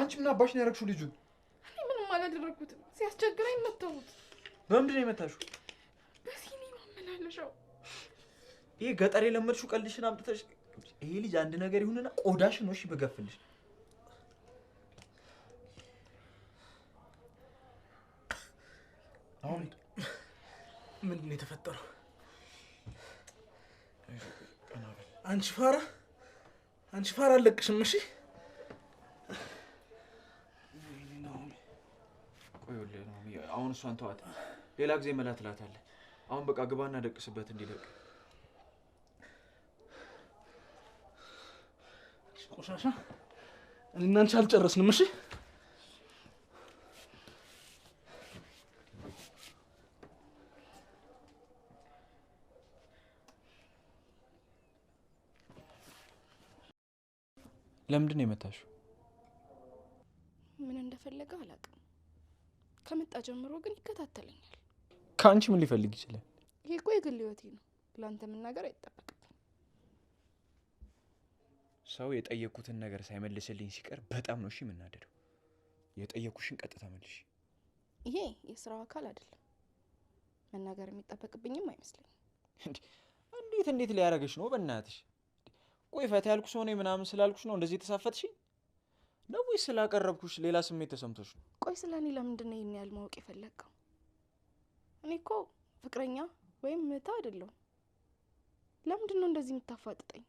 አንቺ ምን አባሽ ነው ያደረግሽው? ልጁን ምንም አላደረግኩትም። ሲያስቸግረኝ መታሁት። በምንድን ነው የመታሽው? በሲኒ ማመላለሻው። ይሄ ገጠር የለመድሽው ቀልድሽን አምጥተሽ ይሄ ልጅ አንድ ነገር ይሁንና ቆዳሽ ነው። እሺ በገፍልሽ አሁን ምንድን ነው የተፈጠረው? አንቺ ፋራ፣ አንቺ ፋራ አለቅሽም። እሺ ይኸውልህ ነው አሁን እሷን ተዋት። ሌላ ጊዜ መላ ትላታለህ። አሁን በቃ ግባና ደቅስበት እንዲለቅ ቆሻሻ። እኔ አልጨረስንም። እሺ ለምንድን ነው የመታሽው? ምን እንደፈለገ አላውቅም። ከመጣ ጀምሮ ግን ይከታተለኛል። ከአንቺ ምን ሊፈልግ ይችላል? ይህ እኮ የግል ህይወቴ ነው። ለአንተ መናገር አይጠበቅም። ሰው የጠየኩትን ነገር ሳይመልስልኝ ሲቀር በጣም ነው እሺ የምናደደው። የጠየኩሽን ቀጥታ መልሽ። ይሄ የስራው አካል አይደለም። መናገር የሚጠበቅብኝም አይመስለኝም። እንዴት እንዴት ሊያደርግሽ ነው? በእናትሽ ቆይ፣ ፈታ ያልኩሽ ምናምን ስላልኩሽ ነው እንደዚህ የተሳፈትሽኝ? ነው ወይስ ስላቀረብኩሽ ሌላ ስሜት ተሰምቶሽ ነው? ቆይ ስለ እኔ ለምንድን ነው ይህን ያህል ማወቅ የፈለግከው? እኔ እኮ ፍቅረኛ ወይም ምህታ አይደለሁ። ለምንድን ነው እንደዚህ የምታፋጥጠኝ?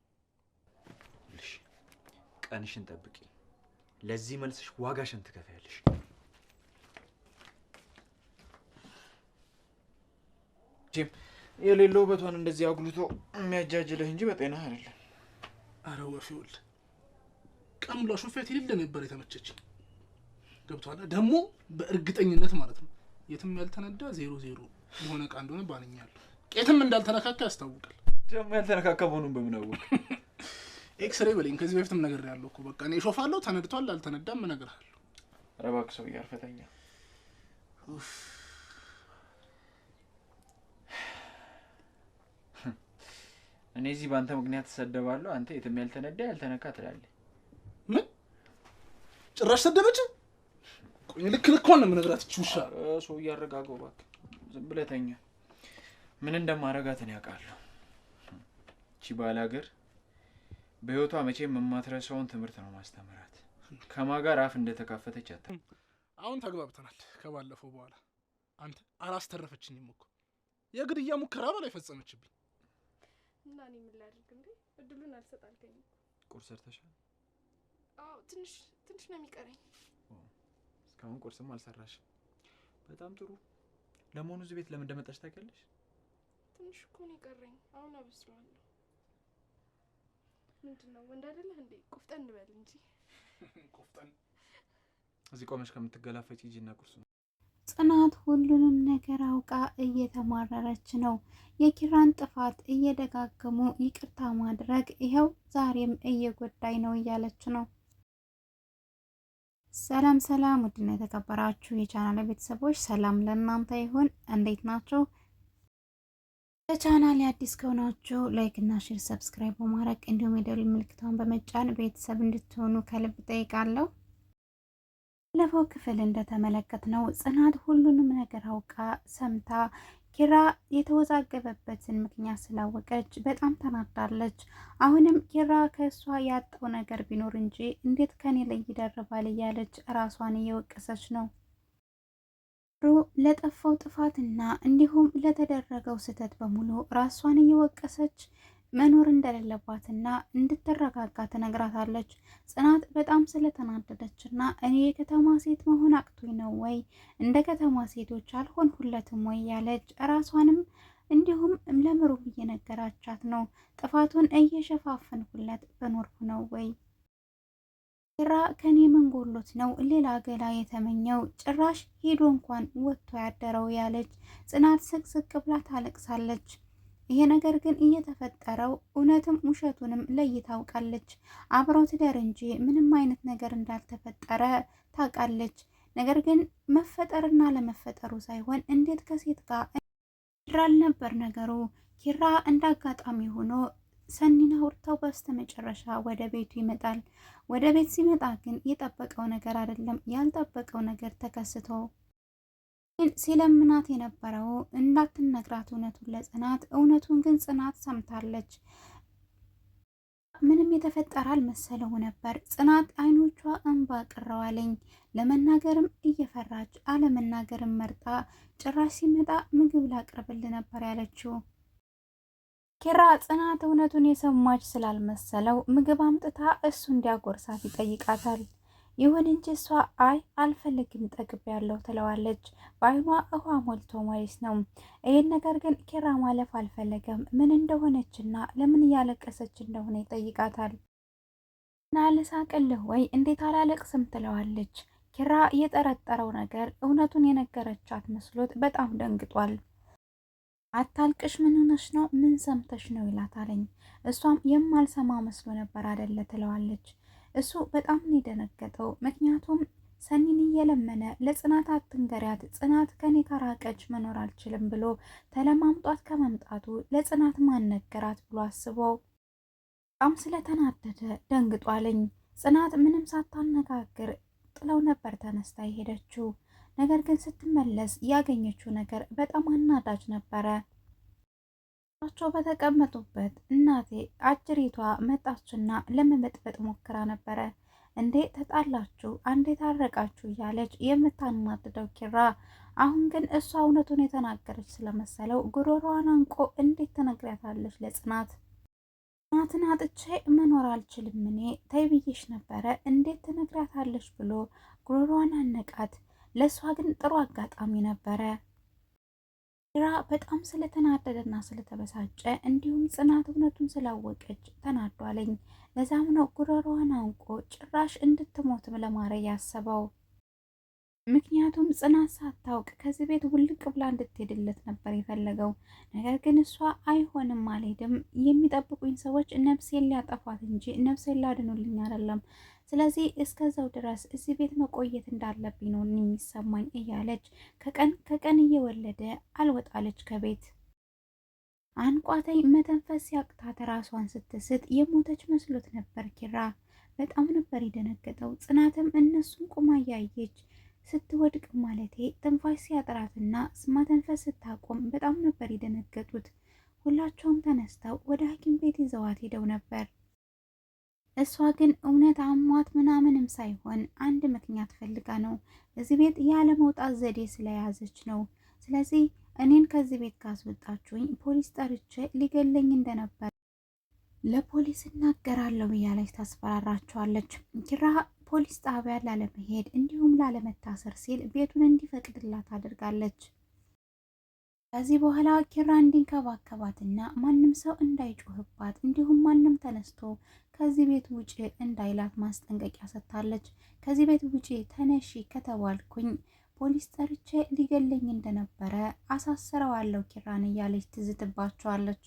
ልሽ ቀንሽን ጠብቂ። ለዚህ መልስሽ ዋጋሽን ትከፍያለሽ። ጂም የሌለው ውበቷን እንደዚህ አጉልቶ የሚያጃጅለህ እንጂ በጤና አይደለም። አረ ወፊ ውልድ ቀን ብላ ሾፌት ይልል ነበር የተመቸች ገብቷል። ደግሞ በእርግጠኝነት ማለት ነው የትም ያልተነዳ ዜሮ ዜሮ የሆነ እቃ እንደሆነ ባንኛለሁ። ቄትም እንዳልተነካካ ያስታውቃል። ደግሞ ያልተነካካ መሆኑን በምናወቅ ኤክስሬ በለኝ። ከዚህ በፊትም ነገር ያለው እኮ በቃ እኔ ሾፋለሁ። ተነድቷል፣ አልተነዳም እነግርሃለሁ። ኧረ እባክህ ሰውዬ አርፈተኛ። እኔ እዚህ በአንተ ምክንያት ትሰደባለሁ፣ አንተ የትም ያልተነዳ ያልተነካ ትላለህ። ጭራሽ ሰደበች። ልክ ልኳን ነው የምነግራት። ይችውሻ ሰው እያረጋገው እባክህ፣ ዝም ብለህ ተኛ። ምን እንደማረጋት እኔ አውቃለሁ። እቺ ባል ሀገር በህይወቷ መቼም የማትረሳውን ትምህርት ነው ማስተምራት። ከማ ጋር አፍ እንደተካፈተች አታ አሁን ተግባብተናል። ከባለፈው በኋላ አንተ አላስተረፈችኝም እኮ የግድያ ሙከራ በላይ ፈጸመችብኝ። እና እኔ ምን ላድርግ እንዴ? እድሉን አልሰጣልከኝም። ቁርስ ሰርተሻል? አዎ ትንሽ ትንሽ ነው የሚቀረኝ። እስካሁን ቁርስም አልሰራሽ። በጣም ጥሩ። ለመሆኑ እዚህ ቤት ለምን እንደመጣሽ ታውቂያለሽ? ትንሽ እኮ ነው የቀረኝ። አሁን አበስለዋለሁ። ምንድን ነው ወንድ አይደለህ እንዴ? ቆፍጠን እንበል እንጂ ቆፍጠን። እዚህ ቆመሽ ከምትገላፈጭ ሂጂና ቁርሱ ጽናት ሁሉንም ነገር አውቃ እየተማረረች ነው። የኪራን ጥፋት እየደጋገሙ ይቅርታ ማድረግ ይኸው ዛሬም እየጎዳኝ ነው እያለች ነው። ሰላም ሰላም፣ ውድና የተከበራችሁ የቻናል ቤተሰቦች ሰላም ለእናንተ ይሁን። እንዴት ናቸው? ለቻናል አዲስ ከሆናችሁ ላይክ እና ሼር፣ ሰብስክራይብ በማድረግ እንዲሁም የደወል ምልክቷን በመጫን ቤተሰብ እንድትሆኑ ከልብ ጠይቃለሁ። ባለፈው ክፍል እንደተመለከትነው ጽናት ሁሉንም ነገር አውቃ ሰምታ ኪራ የተወዛገበበትን ምክንያት ስላወቀች በጣም ተናዳለች። አሁንም ኪራ ከእሷ ያጣው ነገር ቢኖር እንጂ እንዴት ከኔ ላይ ይደርባል እያለች ራሷን እየወቀሰች ነው። ሩ ለጠፋው ጥፋትና እንዲሁም ለተደረገው ስህተት በሙሉ ራሷን እየወቀሰች መኖር እንደሌለባትና እንድትረጋጋ ትነግራታለች። ጽናት በጣም ስለተናደደችና እኔ የከተማ ሴት መሆን አቅቶኝ ነው ወይ እንደ ከተማ ሴቶች አልሆን ሁለትም ወይ ያለች ራሷንም እንዲሁም ለምሩም እየነገራቻት ነው። ጥፋቱን እየሸፋፈንኩለት በኖርኩ ነው ወይ ራ ከኔ መንጎሎት ነው ሌላ ገላ የተመኘው ጭራሽ ሄዶ እንኳን ወጥቶ ያደረው ያለች ጽናት ስቅስቅ ብላ ታለቅሳለች። ይሄ ነገር ግን እየተፈጠረው እውነትም ውሸቱንም ለይታውቃለች። አብረው ትደር እንጂ ምንም አይነት ነገር እንዳልተፈጠረ ታውቃለች። ነገር ግን መፈጠርና ለመፈጠሩ ሳይሆን እንዴት ከሴት ጋር ይድራል ነበር ነገሩ። ኪራ እንዳጋጣሚ ሆኖ ሰኒና ሁርተው በስተመጨረሻ ወደ ቤቱ ይመጣል። ወደ ቤት ሲመጣ ግን የጠበቀው ነገር አይደለም፣ ያልጠበቀው ነገር ተከስቶ ሲለምናት የነበረው እንዳትነግራት እውነቱን ለጽናት፣ እውነቱን ግን ጽናት ሰምታለች። ምንም የተፈጠረ አልመሰለው ነበር። ጽናት አይኖቿ እንባ ቅረዋለኝ። ለመናገርም እየፈራች አለመናገርም መርጣ ጭራሽ ሲመጣ ምግብ ላቅርብል ነበር ያለችው። ኪራ ጽናት እውነቱን የሰማች ስላልመሰለው ምግብ አምጥታ እሱ እንዲያጎርሳት ይጠይቃታል። ይሁን እንጂ እሷ አይ አልፈልግም ጠግብ ያለው ትለዋለች። በአይኗ ውሃ ሞልቶ ማየት ነው። ይህን ነገር ግን ኪራ ማለፍ አልፈለገም። ምን እንደሆነችና ለምን እያለቀሰች እንደሆነ ይጠይቃታል። እና ልሳቅልህ ወይ እንዴት አላለቅስም ትለዋለች። ኪራ የጠረጠረው ነገር እውነቱን የነገረቻት መስሎት በጣም ደንግጧል። አታልቅሽ፣ ምን ሆነሽ ነው? ምን ሰምተሽ ነው? ይላታለኝ። እሷም የማልሰማ መስሎ ነበር አደለ ትለዋለች። እሱ በጣም ነው የደነገጠው። ምክንያቱም ሰኒን እየለመነ ለጽናት አትንገሪያት፣ ጽናት ከኔ ከራቀች መኖር አልችልም ብሎ ተለማምጧት ከመምጣቱ ለጽናት ማነገራት ብሎ አስበው በጣም ስለተናደደ ደንግጧልኝ። ጽናት ምንም ሳታነጋግር ጥለው ነበር ተነስታ የሄደችው። ነገር ግን ስትመለስ ያገኘችው ነገር በጣም አናዳጅ ነበረ። ናቸው በተቀመጡበት እናቴ አጅሪቷ መጣችና ለመመጥበጥ ሞክራ ነበረ። እንዴ ተጣላችሁ፣ አንዴ ታረቃችሁ እያለች የምታናድደው ኪራ አሁን ግን እሷ እውነቱን የተናገረች ስለመሰለው ጉሮሯዋን አንቆ እንዴት ተነግሪያታለች ለጽናት ጽናትን አጥቼ መኖር አልችልም እኔ ተይ ብዬሽ ነበረ እንዴት ተነግሪያታለች ብሎ ጉሮሯዋን አነቃት። ለእሷ ግን ጥሩ አጋጣሚ ነበረ። ኪራ በጣም ስለተናደደና ስለተበሳጨ እንዲሁም ጽናት እውነቱን ስላወቀች ተናዷለኝ። ለዛም ነው ጉረሯን አንቆ ጭራሽ እንድትሞትም ለማድረግ ያሰበው። ምክንያቱም ጽናት ሳታውቅ ከዚህ ቤት ውልቅ ብላ እንድትሄድለት ነበር የፈለገው። ነገር ግን እሷ አይሆንም አልሄድም፣ የሚጠብቁኝ ሰዎች ነፍሴን ሊያጠፏት እንጂ ነፍሴን ላድኑልኝ አይደለም ስለዚህ እስከዛው ድረስ እዚህ ቤት መቆየት እንዳለብኝ ነው የሚሰማኝ እያለች ከቀን ከቀን እየወለደ አልወጣለች ከቤት አንቋተኝ መተንፈስ ሲያቅታ ራሷን ስትስት የሞተች መስሎት ነበር ኪራ። በጣም ነበር የደነገጠው። ጽናትም እነሱን ቁማ እያየች ስትወድቅ ማለቴ ትንፋሽ ሲያጥራትና ማተንፈስ ስታቆም በጣም ነበር የደነገጡት። ሁላቸውም ተነስተው ወደ ሐኪም ቤት ይዘዋት ሄደው ነበር። እሷ ግን እውነት አሟት ምናምንም ሳይሆን አንድ ምክንያት ፈልጋ ነው እዚህ ቤት ያለመውጣት ዘዴ ስለያዘች ነው። ስለዚህ እኔን ከዚህ ቤት ካስወጣችሁኝ ፖሊስ ጠርቼ ሊገለኝ እንደነበር ለፖሊስ እናገራለሁ እያለች ታስፈራራቸዋለች። ኪራ ፖሊስ ጣቢያ ላለመሄድ እንዲሁም ላለመታሰር ሲል ቤቱን እንዲፈቅድላት አድርጋለች። ከዚህ በኋላ ኪራ እንዲንከባከባትና ማንም ሰው እንዳይጮህባት እንዲሁም ማንም ተነስቶ ከዚህ ቤት ውጪ እንዳይላት ማስጠንቀቂያ ሰጥታለች። ከዚህ ቤት ውጪ ተነሺ ከተባልኩኝ ፖሊስ ጠርቼ ሊገለኝ እንደነበረ አሳስረዋለሁ ኪራን እያለች ትዝትባቸዋለች።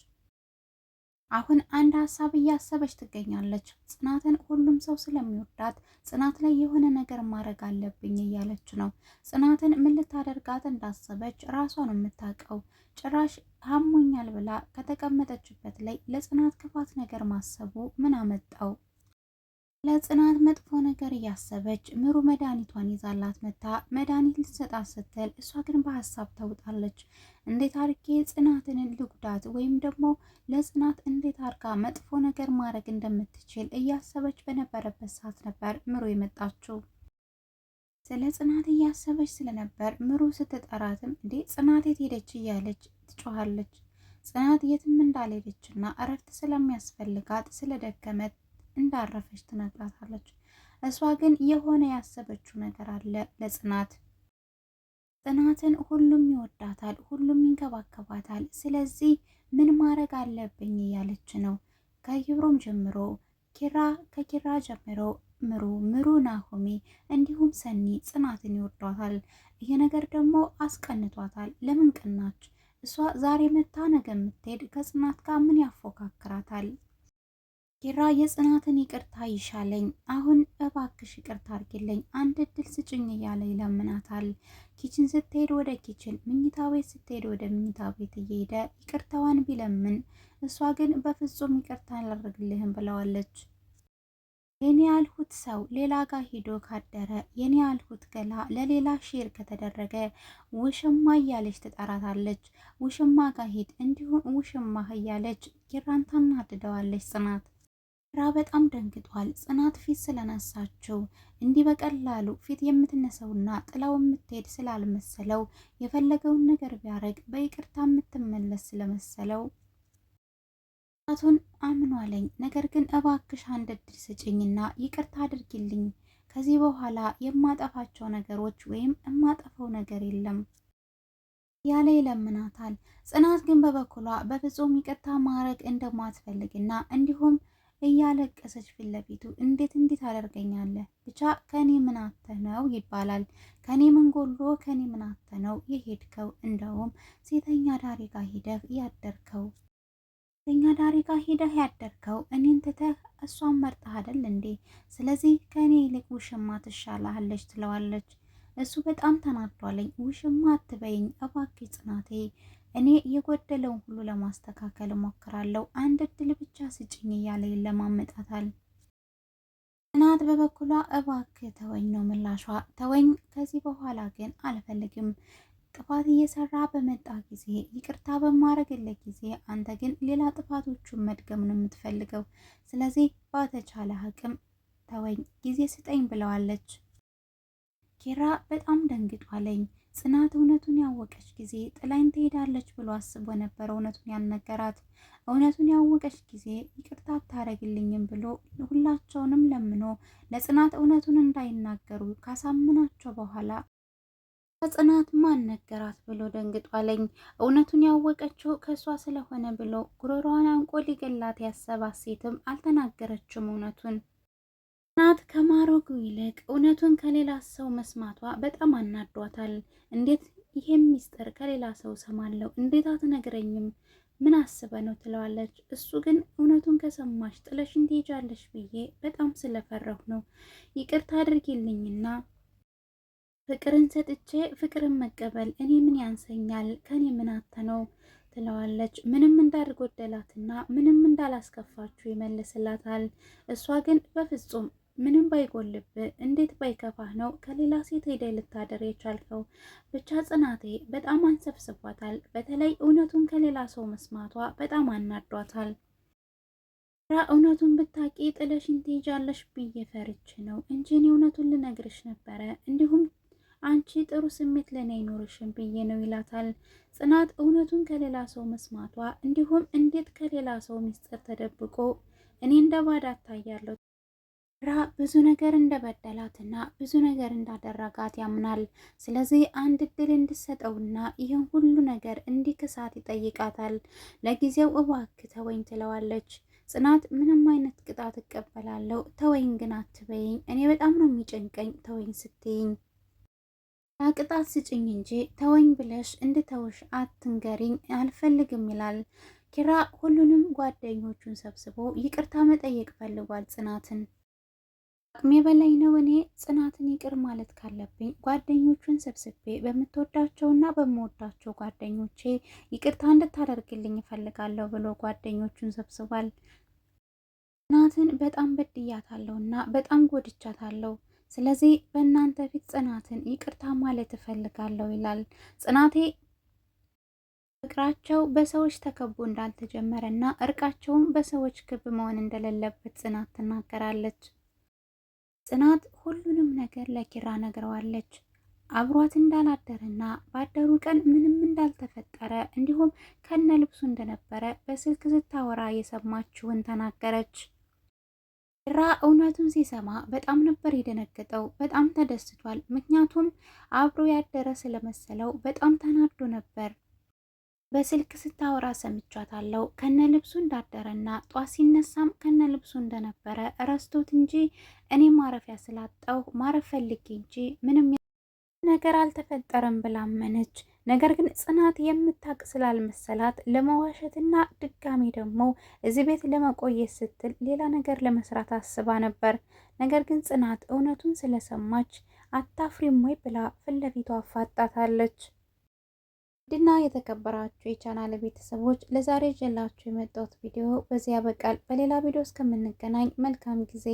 አሁን አንድ ሀሳብ እያሰበች ትገኛለች። ጽናትን ሁሉም ሰው ስለሚወዳት ጽናት ላይ የሆነ ነገር ማድረግ አለብኝ እያለች ነው። ጽናትን ምን ልታደርጋት እንዳሰበች ራሷን የምታውቀው ጭራሽ ሀሞኛል ብላ ከተቀመጠችበት ላይ ለጽናት ክፋት ነገር ማሰቡ ምን አመጣው? ለጽናት መጥፎ ነገር እያሰበች ምሩ መድኃኒቷን ይዛላት መታ መድኃኒት ልትሰጣት ስትል እሷ ግን በሀሳብ ተውጣለች። እንዴት አርጌ ጽናትን ልጉዳት ወይም ደግሞ ለጽናት እንዴት አርጋ መጥፎ ነገር ማድረግ እንደምትችል እያሰበች በነበረበት ሰዓት ነበር ምሩ የመጣችው። ስለ ጽናት እያሰበች ስለነበር ምሩ ስትጠራትም እንዴ ጽናት የት ሄደች እያለች ትጮኋለች። ጽናት የትም እንዳልሄደችና እረፍት ስለሚያስፈልጋት ስለደከመት እንዳረፈች ትነግራታለች። እሷ ግን የሆነ ያሰበችው ነገር አለ ለጽናት ጽናትን ሁሉም ይወዳታል፣ ሁሉም ይንከባከባታል። ስለዚህ ምን ማድረግ አለብኝ እያለች ነው። ከኪብሮም ጀምሮ ኪራ፣ ከኪራ ጀምሮ ምሩ፣ ምሩ ናሆሜ፣ እንዲሁም ሰኒ ጽናትን ይወዷታል። ይህ ነገር ደግሞ አስቀንቷታል። ለምን ቀናች? እሷ ዛሬ መታ ነገ የምትሄድ ከጽናት ጋር ምን ያፎካክራታል? ኪራ የጽናትን ይቅርታ ይሻለኝ፣ አሁን እባክሽ ይቅርታ አርግልኝ፣ አንድ እድል ስጭኝ እያለ ይለምናታል። ኪችን ስትሄድ ወደ ኪችን፣ ምኝታ ቤት ስትሄድ ወደ ምኝታ ቤት እየሄደ ይቅርታዋን ቢለምን እሷ ግን በፍጹም ይቅርታ አላደርግልህም ብለዋለች። የኔ ያልሁት ሰው ሌላ ጋር ሂዶ ካደረ፣ የኔ ያልሁት ገላ ለሌላ ሼር ከተደረገ ውሽማ እያለች ትጠራታለች። ውሽማ ጋር ሂድ እንዲሁም ውሽማህ እያለች ኪራን ታናድደዋለች ጽናት ራ በጣም ደንግጧል። ጽናት ፊት ስለነሳችው እንዲህ በቀላሉ ፊት የምትነሰውና ጥላው የምትሄድ ስላልመሰለው የፈለገውን ነገር ቢያደርግ በይቅርታ የምትመለስ ስለመሰለው ቱን አምኗለኝ። ነገር ግን እባክሽ አንድ እድል ስጭኝና ይቅርታ አድርጊልኝ። ከዚህ በኋላ የማጠፋቸው ነገሮች ወይም የማጠፈው ነገር የለም ያለ ይለምናታል። ጽናት ግን በበኩሏ በፍጹም ይቅርታ ማድረግ እንደማትፈልግና እንዲሁም እያለቀሰች ፊት ለፊቱ እንዴት እንዴት አደርገኛለህ ብቻ ከኔ ምናተ ነው ይባላል። ከኔ ምንጎሎ ከኔ ምናተ ነው የሄድከው? እንደውም ሴተኛ ዳሪ ጋ ሂደህ ያደርከው ሴተኛ ዳሪ ጋ ሂደህ ያደርከው እኔን ትተህ እሷን መርጠህ እንዴ? ስለዚህ ከኔ ይልቅ ውሽማ ትሻላለች ትለዋለች። እሱ በጣም ተናዷለኝ። ውሽማ አትበይኝ አባኪ ጽናቴ እኔ የጎደለውን ሁሉ ለማስተካከል እሞክራለሁ፣ አንድ እድል ብቻ ስጭኝ እያለ ይለማመጣታል። ጽናት በበኩሏ እባክህ ተወኝ ነው ምላሿ። ተወኝ፣ ከዚህ በኋላ ግን አልፈልግም። ጥፋት እየሰራ በመጣ ጊዜ ይቅርታ በማረግለት ጊዜ አንተ ግን ሌላ ጥፋቶቹን መድገም ነው የምትፈልገው። ስለዚህ በተቻለ አቅም ተወኝ፣ ጊዜ ስጠኝ ብለዋለች። ኪራ በጣም ደንግጧለኝ። ጽናት እውነቱን ያወቀች ጊዜ ጥላኝ ትሄዳለች ብሎ አስቦ ነበር እውነቱን ያልነገራት። እውነቱን ያወቀች ጊዜ ይቅርታ አታረግልኝም ብሎ ሁላቸውንም ለምኖ ለጽናት እውነቱን እንዳይናገሩ ካሳምናቸው በኋላ ከጽናት ማን ነገራት ብሎ ደንግጧለኝ። እውነቱን ያወቀችው ከእሷ ስለሆነ ብሎ ጉሮሮዋን አንቆ ሊገላት ያሰባት ሴትም አልተናገረችም እውነቱን ናት ከማረጉ ይልቅ እውነቱን ከሌላ ሰው መስማቷ በጣም አናዷታል። እንዴት ይሄም ሚስጥር ከሌላ ሰው ሰማለሁ እንዴት አትነግረኝም? ምን አስበ ነው ትለዋለች። እሱ ግን እውነቱን ከሰማሽ ጥለሽኝ ትሄጃለሽ ብዬ በጣም ስለፈረሁ ነው። ይቅርታ አድርጊልኝና ፍቅርን ሰጥቼ ፍቅርን መቀበል እኔ ምን ያንሰኛል? ከኔ ምን አተ ነው ትለዋለች። ምንም እንዳልጎደላትና ምንም እንዳላስከፋችሁ ይመልስላታል። እሷ ግን በፍጹም ምንም ባይጎልብህ እንዴት ባይከፋህ ነው ከሌላ ሴት ሄደህ ልታደር የቻልከው? ብቻ ጽናቴ በጣም አንሰብስቧታል። በተለይ እውነቱን ከሌላ ሰው መስማቷ በጣም አናዷታል። ራ እውነቱን ብታቂ ጥለሽኝ ትሄጃለሽ ብዬ ፈርቼ ነው እንጂ እኔ እውነቱን ልነግርሽ ነበረ። እንዲሁም አንቺ ጥሩ ስሜት ለእኔ አይኖርሽም ብዬ ነው ይላታል። ጽናት እውነቱን ከሌላ ሰው መስማቷ እንዲሁም እንዴት ከሌላ ሰው ምስጢር ተደብቆ እኔ እንደ ባዳ እታያለሁ ኪራ ብዙ ነገር እንደበደላትና ብዙ ነገር እንዳደረጋት ያምናል። ስለዚህ አንድ እድል እንድሰጠውና ይህን ሁሉ ነገር እንዲክሳት ይጠይቃታል። ለጊዜው እባክህ ተወኝ ትለዋለች። ጽናት ምንም አይነት ቅጣት እቀበላለሁ፣ ተወኝ ግን አትበይኝ፣ እኔ በጣም ነው የሚጨንቀኝ ተወኝ ስትይኝ ቅጣት ስጭኝ እንጂ ተወኝ ብለሽ እንድተውሽ አትንገሪኝ አልፈልግም ይላል። ኪራ ሁሉንም ጓደኞቹን ሰብስቦ ይቅርታ መጠየቅ ፈልጓል ጽናትን በላይ ነው። እኔ ጽናትን ይቅር ማለት ካለብኝ ጓደኞቹን ሰብስቤ በምትወዳቸው እና በምወዳቸው ጓደኞቼ ይቅርታ እንድታደርግልኝ እፈልጋለሁ ብሎ ጓደኞቹን ሰብስቧል። ጽናትን በጣም በድያታለሁ እና በጣም ጎድቻታለሁ። ስለዚህ በእናንተ ፊት ጽናትን ይቅርታ ማለት እፈልጋለሁ ይላል። ጽናቴ ፍቅራቸው በሰዎች ተከቦ እንዳልተጀመረ እና እርቃቸውም በሰዎች ክብ መሆን እንደሌለበት ጽናት ትናገራለች። ጽናት ሁሉንም ነገር ለኪራ ነግረዋለች። አብሯት እንዳላደረና ባደሩ ቀን ምንም እንዳልተፈጠረ እንዲሁም ከነ ልብሱ እንደነበረ በስልክ ስታወራ የሰማችውን ተናገረች። ኪራ እውነቱን ሲሰማ በጣም ነበር የደነገጠው። በጣም ተደስቷል። ምክንያቱም አብሮ ያደረ ስለመሰለው በጣም ተናዶ ነበር። በስልክ ስታወራ ሰምቻታለሁ። ከነ ልብሱ እንዳደረና ጧት ሲነሳም ከነ ልብሱ እንደነበረ እረስቶት እንጂ እኔ ማረፊያ ስላጣሁ ማረፍ ፈልጌ እንጂ ምንም ነገር አልተፈጠረም ብላመነች። ነገር ግን ጽናት የምታቅ ስላልመሰላት ለመዋሸትና ድጋሚ ደግሞ እዚህ ቤት ለመቆየት ስትል ሌላ ነገር ለመስራት አስባ ነበር። ነገር ግን ጽናት እውነቱን ስለሰማች አታፍሪም ወይ ብላ ፊት ለፊቷ አፋጣታለች። ድና የተከበራችሁ የቻናል ቤተሰቦች ለዛሬ ጀላችሁ የመጣሁት ቪዲዮ በዚህ ያበቃል። በሌላ ቪዲዮ እስከምንገናኝ መልካም ጊዜ